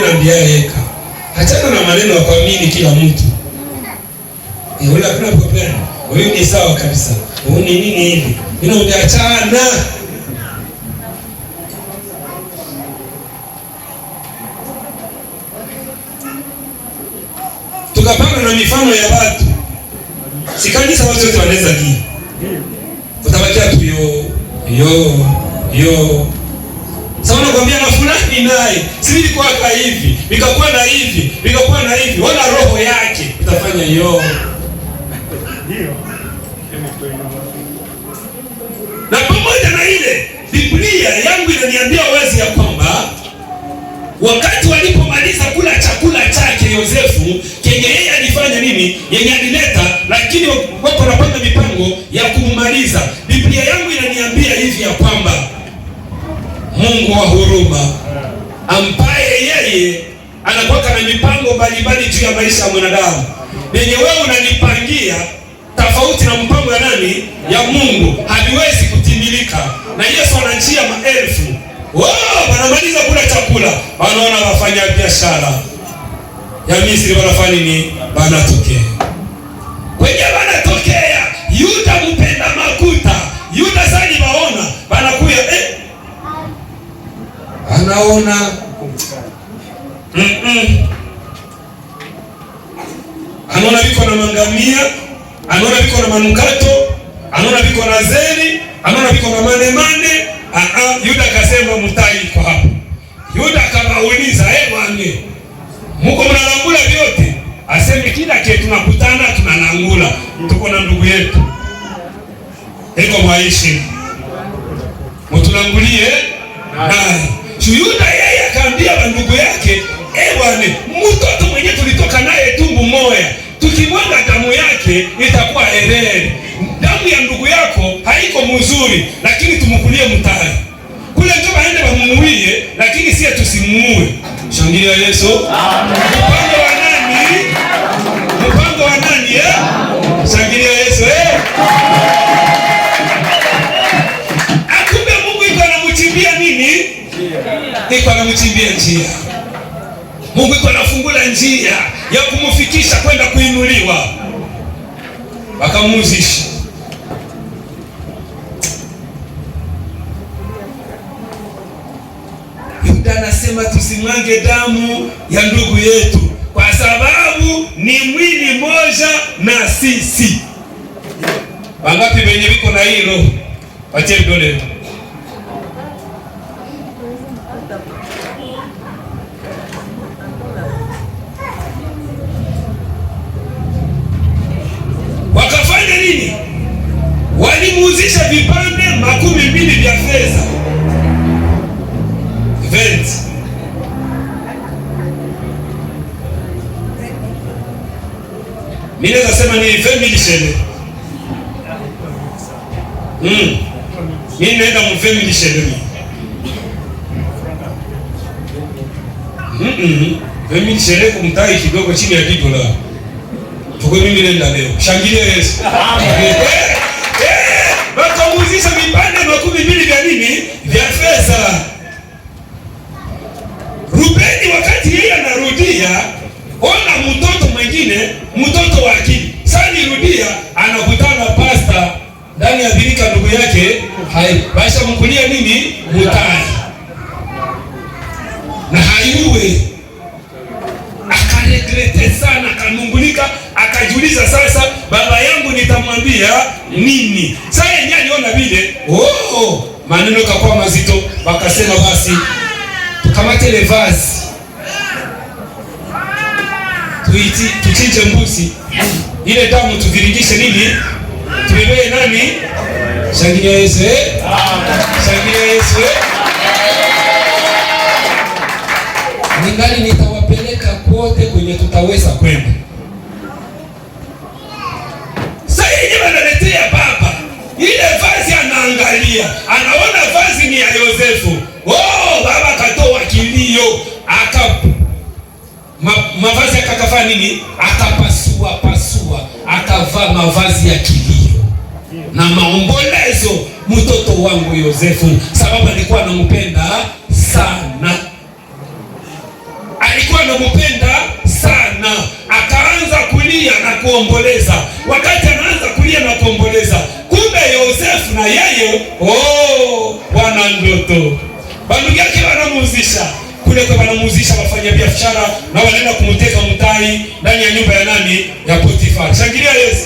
bila eka. Achana na maneno ya kuamini kila mtu. Eh, wala kuna problem. Wewe ni sawa kabisa. Wewe ni nini hivi? Mimi uniachana. Tukapanga na mifano ya watu. Si kanisa watu wote wanaweza kii. Utabakia tu yo yo yo. Sasa unakwambia na fulani naye nilikuwa kwa hivi, vikakuwa na hivi, vikakuwa na hivi, wala roho yake utafanya yo na pamoja na ile Biblia yangu inaniambia wazi ya kwamba wakati walipomaliza kula chakula chake Yosefu kenye yeye alifanya nini, yenye alileta, lakini wako wanapanga mipango ya kumaliza. Biblia yangu inaniambia hivi ya kwamba Mungu wa huruma eh. ampa ambaye yeye anakuwa na mipango mbalimbali juu ya maisha ya mwanadamu yenye wewe unanipangia tofauti na mpango ya nani ya Mungu haliwezi kutimilika. Na Yesu ana njia maelfu. Wao wanamaliza kula chakula, wanaona wafanya biashara ya Misri wanafanya nini? Banatoke kwenye banatokea Yuda mpenda makuta Yuda sani baona banakuya eh, anaona anaona viko na mangamia, anaona viko na manukato, anaona viko na zeni, anaona viko na manemane. Ah, ah, Yuda akasema mutai iko hapa. Yuda akawauliza eh, wange muko mnalangula vyote? Aseme kila kitu tunakutana tunalangula, tuko na ndugu yetu eko mwaishi mutulangulie naye. Shuyuda yake itakuwa elele. Damu ya ndugu yako haiko mzuri, lakini tumukulie mtari kule njoba hende wamuuie, lakini sie tusimuue. Shangilia Yesu. Mpango wa nani? Mpango wa nani eh? Shangilia Yesu eh? Akumbe Mungu iko anamuchimbia nini? Iko anamuchimbia njia. Mungu iko anafungula njia ya kumufikisha kwenda kuinuliwa akamuzisha Yuda anasema tusimwange damu ya ndugu yetu kwa sababu ni mwili moja na sisi. Wangapi wenye wiko na hilo? Wache vidole. vipande makumi mbili vya fedha Ninaweza sema ni femilishele mm. Mimi naenda mfemilishele mm -mm. Femilishele hmm. kumtai kidogo chini ya kidola tuko mimi nenda leo. Shangilia Yesu. Amen ameagiza vipande makumi mbili vya nini vya fedha. Rubeni wakati yeye anarudia, ona mtoto mwingine, mtoto wa akili sanirudia, anakutana pasta ndani ya birika, ndugu yake hai basha mkulia nini mutani kumwambia nini. Sasa yeye aliona vile, oh, maneno kakuwa mazito, wakasema basi tukamate ile vazi tuiti tuchinje mbuzi ile damu tuvirigishe nini, tubebee nani? Shangilia Yesu, eh? shangilia Yesu. Eh? Ningali nitawapeleka kote kwenye tutaweza kwenda. ile vazi anaangalia, anaona vazi ni ya Yosefu. Oh, baba katoa kilio, aka ma, mavazi akakafa nini? Akapasua pasua, akavaa mavazi ya kilio na maombolezo, mtoto wangu Yosefu, sababu alikuwa anampenda sana, alikuwa anampenda sana, akaanza kulia na kuomboleza. Oh, wana ndoto tu. Bandugu yake wanamuuzisha. Kule kwa wanamuuzisha wafanyabiashara na wanaenda kumteka mtai ndani ya nyumba ya nani? Ya Potifa. Shangilia Yesu.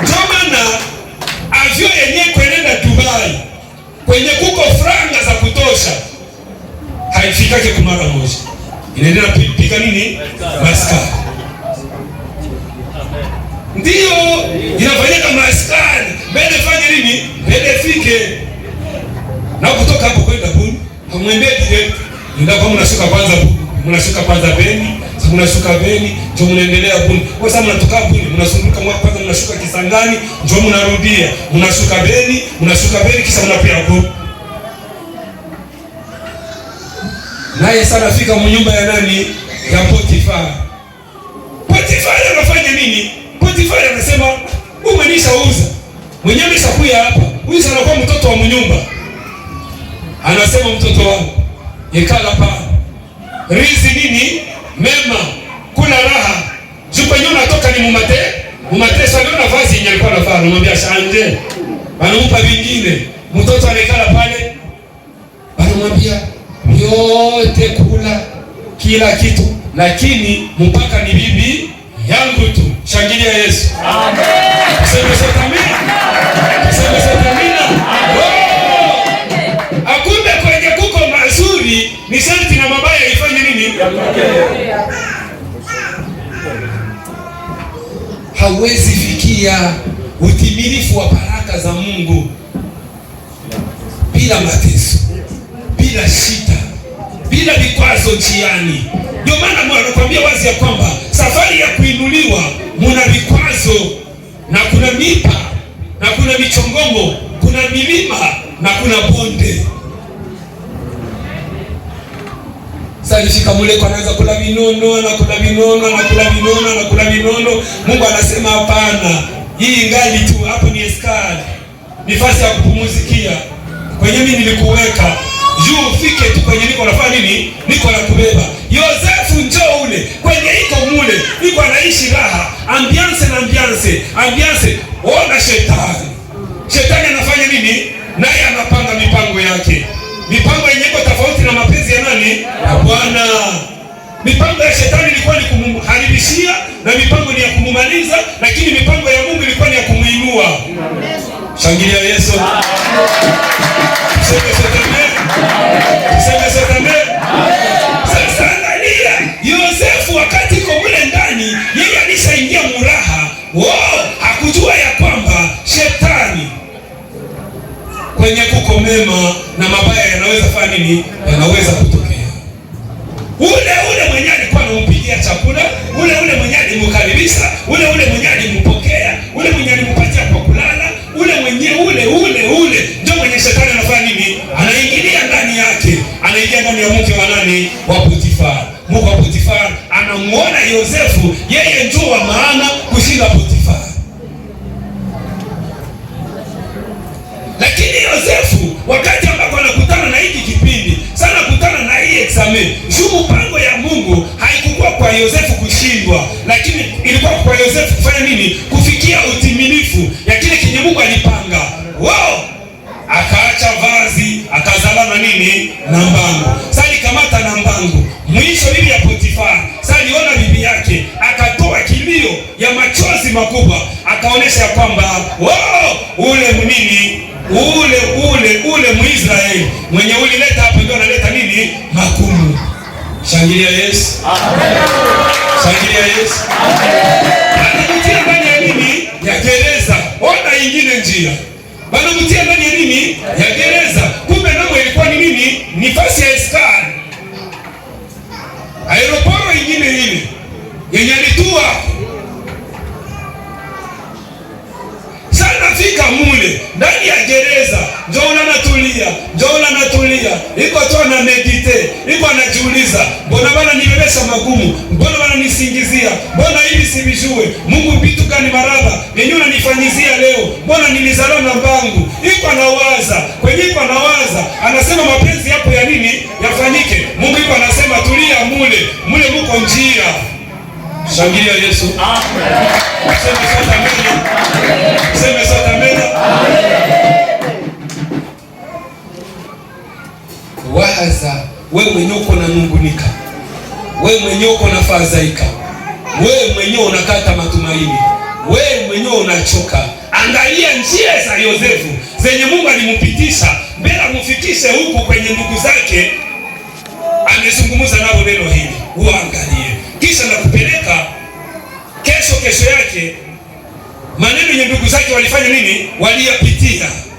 Tomana avyo yenye kwenenda Dubai. Kwenye kuko franga za kutosha. Haifikake kumara moja. Inaenda pika nini? Maskara. Ndiyo Pakistan mbele fanye nini mbele fike na kutoka hapo kwenda buni, hamwendee direct, ndio kama mnashuka kwanza buni, mnashuka kwanza beni, sasa mnashuka beni ndio mnaendelea buni. Kwa sababu mnatoka buni mnazunguka mwa kwanza, mnashuka Kisangani ndio mnarudia, mnashuka beni, mnashuka beni, kisha mnapia buni. Naye sana fika mnyumba ya nani ya Potifa Kisha kuya hapa huyu anakuwa mtoto wa mnyumba, anasema mtoto wangu ikala pa rizi nini mema, kuna raha jupanye toka ni mumate mumate sasa. Leo nafasi yenye alikuwa anafaa anamwambia shanje, anampa vingine. Mtoto anaikala pale, anamwambia yote kula kila kitu, lakini mpaka ni bibi yangu tu. Shangilia Yesu, amen. hauwezi fikia utimilifu wa baraka za Mungu bila mateso, bila shida, bila vikwazo njiani. Ndio maana anakuambia wazi ya kwamba safari ya kuinuliwa muna vikwazo na kuna mipa na kuna michongongo, kuna milima na kuna bonde. Sasa alifika mule kwa anaweza kula vinono, anakula vinono, anakula vinono, kula vinono. Mungu anasema hapana. Hii ngali tu hapo ni eskali. Nifasi ya kupumuzikia. Kwenye mimi nilikuweka. Juu ufike tu kwenye niko nafanya nini? Niko kubeba. Yosefu njoo ule. Kwenye iko mule. Niko anaishi raha. Ambiance na ambiance. Ambiance. Ona shetani. Shetani anafanya nini? Naye anapanga mipango yake mipango yenyeko tofauti na mapenzi ya nani? Ya Bwana. Mipango ya shetani ilikuwa ni kumharibishia na mipango ni ya kumumaliza, lakini mipango ya Mungu ilikuwa ni ya kumuinua. Shangilia Yesu. Sema sema. mengi yanaweza kutokea. Ule ule mwenye alikuwa anampigia chakula, ule ule mwenye alimkaribisha, ule ule mwenye alimpokea, ule mwenye alimpatia kwa kulala, ule mwenye ule ule ule ndio mwenye shetani anafanya nini? Anaingilia ndani yake, anaingia ndani ya mke wa nani? Wa Potifa. Mungu wa Potifa anamuona Yosefu yeye ndio wa maana kushinda Potifa. Lakini Yosefu Yosefu kushindwa, lakini ilikuwa kwa Yosefu kufanya nini? Kufikia utimilifu ya kile kenye Mungu alipanga wao. Akaacha vazi akazala na nini na mbangu. Sasa alikamata na mbangu mwisho ili ya Potifar. Sasa aliona bibi yake akatoa kilio ya machozi makubwa, akaonesha kwamba wao ule mnini ule ule ule Mwisraeli mwenye ulileta hapo ndio analeta nini makumu Shangilia Yesu. Amen. Shangilia Yesu. Amen. Mtia ndani ya nini? Ya gereza. Ona ingine njia. Bana mtia ndani ya nini? Ya gereza. Kumbe nao ilikuwa ni nini? Ni fasi ya askari. Aeroporo ingine nini? Yenye alitua. Sana fika mule ndani ya gereza. Njoo unanatulia. Njoo unanatulia. Iko tu anamedite iko anajiuliza, mbona bana nibebesha magumu, mbona bana nisingizia, mbona hivi sivijue, Mungu bitu kani maraba yenye unanifanyizia leo, mbona nilizala na mbangu. Iko anawaza kwenye, iko anawaza anasema, mapenzi yapo ya nini yafanyike. Mungu iko anasema, tulia mule mule, muko njia. Shangilia Yesu, amen. Sema sasa, amen. Sema sasa, amen. waza we mwenyewe uko na nungunika, we mwenyewe uko na fadhaika, we mwenyewe unakata matumaini, we mwenyewe unachoka. Angalia njia za Yosefu zenye Mungu alimpitisha mbele amfikishe huku kwenye ndugu zake, amezungumza nao neno hili, uangalie kisha nakupeleka kesho. Kesho yake maneno yenye ndugu zake walifanya nini? Waliyapitia.